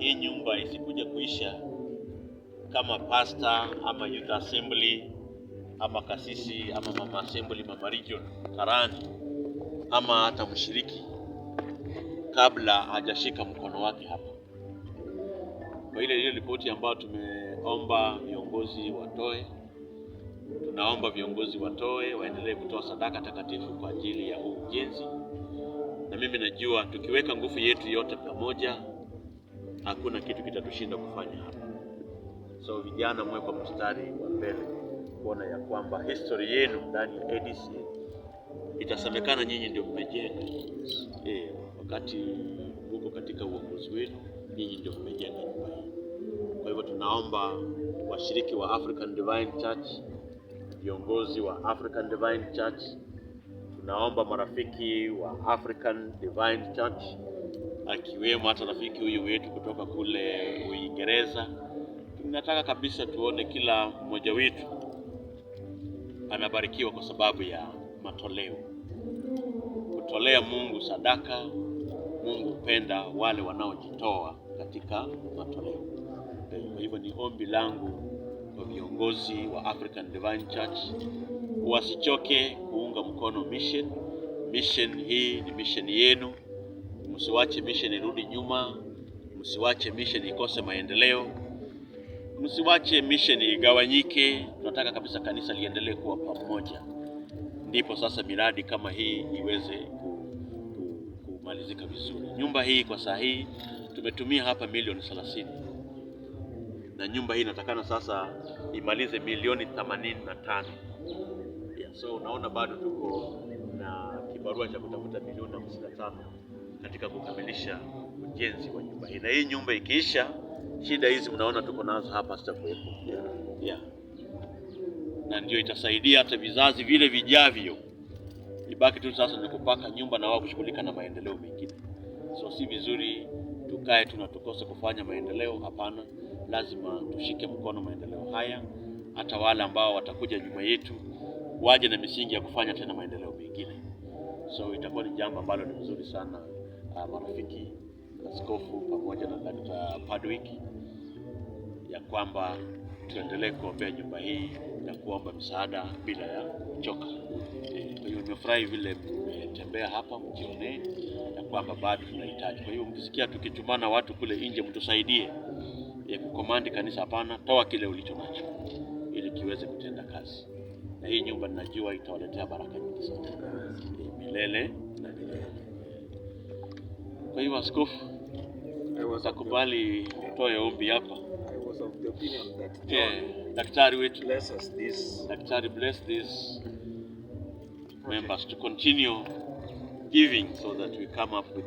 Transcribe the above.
hii nyumba isikuja kuisha kama pasta ama youth assembly ama kasisi ama mama assembly, mama region karani ama hata mshiriki kabla hajashika mkono wake hapa. Kwa ile ile ripoti ambayo tumeomba viongozi watoe, tunaomba viongozi watoe, waendelee kutoa sadaka takatifu kwa ajili ya huu ujenzi, na mimi najua tukiweka nguvu yetu yote pamoja hakuna kitu kitatushinda kufanya hapa. So vijana, mwe kwa mstari wa mbele kuona ya kwamba history yenu ndani ya ADC itasemekana nyinyi ndio mmejenga. E, wakati huko katika uongozi wenu nyinyi ndio mmejenga nyumba hii. Kwa hivyo tunaomba washiriki wa African Divine Church, viongozi wa African Divine Church, tunaomba marafiki wa African Divine Church akiwemo hata rafiki huyu wetu kutoka kule Uingereza. Tunataka kabisa tuone kila mmoja wetu anabarikiwa kwa sababu ya matoleo, kutolea Mungu sadaka. Mungu hupenda wale wanaojitoa katika matoleo. Kwa hivyo ni ombi langu kwa viongozi wa African Divine Church wasichoke kuunga mkono mission. Mission hii ni mission yenu. Msiwache mission irudi nyuma, msiwache mission ikose maendeleo, msiwache mission igawanyike. Tunataka kabisa kanisa liendelee kuwa pamoja, ndipo sasa miradi kama hii iweze kumalizika vizuri. Nyumba hii kwa saa hii tumetumia hapa milioni 30 na nyumba hii inatakana sasa imalize milioni 85. Yeah, so unaona bado tuko na kibarua cha kutafuta milioni 55 katika kukamilisha ujenzi wa nyumba hii, na hii nyumba ikiisha, shida hizi mnaona tuko nazo hapa zitakuwepo, yeah. yeah. na ndio itasaidia hata vizazi vile vijavyo. Ibaki tu sasa ni kupaka nyumba na wao kushughulika na maendeleo mengine. So si vizuri tukae na tukose kufanya maendeleo, hapana. Lazima tushike mkono maendeleo haya, hata wale ambao watakuja nyuma yetu waje na misingi ya kufanya tena maendeleo mengine. So itakuwa ni jambo ambalo ni mzuri sana. Ah, marafiki askofu pamoja na Dkt. Padwick ya kwamba tuendelee kuombea nyumba hii na kuomba msaada bila ya kuchoka. Eh, kwa hiyo nimefurahi vile mmetembea hapa mjionee ya kwamba bado tunahitaji. Kwa hiyo mkisikia tukichumana watu kule nje, mtusaidie ya eh, kukomandi kanisa, hapana, toa kile ulicho nacho ili kiweze kutenda kazi, na hii nyumba ninajua itawaletea baraka nyingi sana eh, milele. Kwa hivyo askofu, takubali utoe ombi hapa. Daktari wetu, daktari, bless this members to continue giving so that we come up with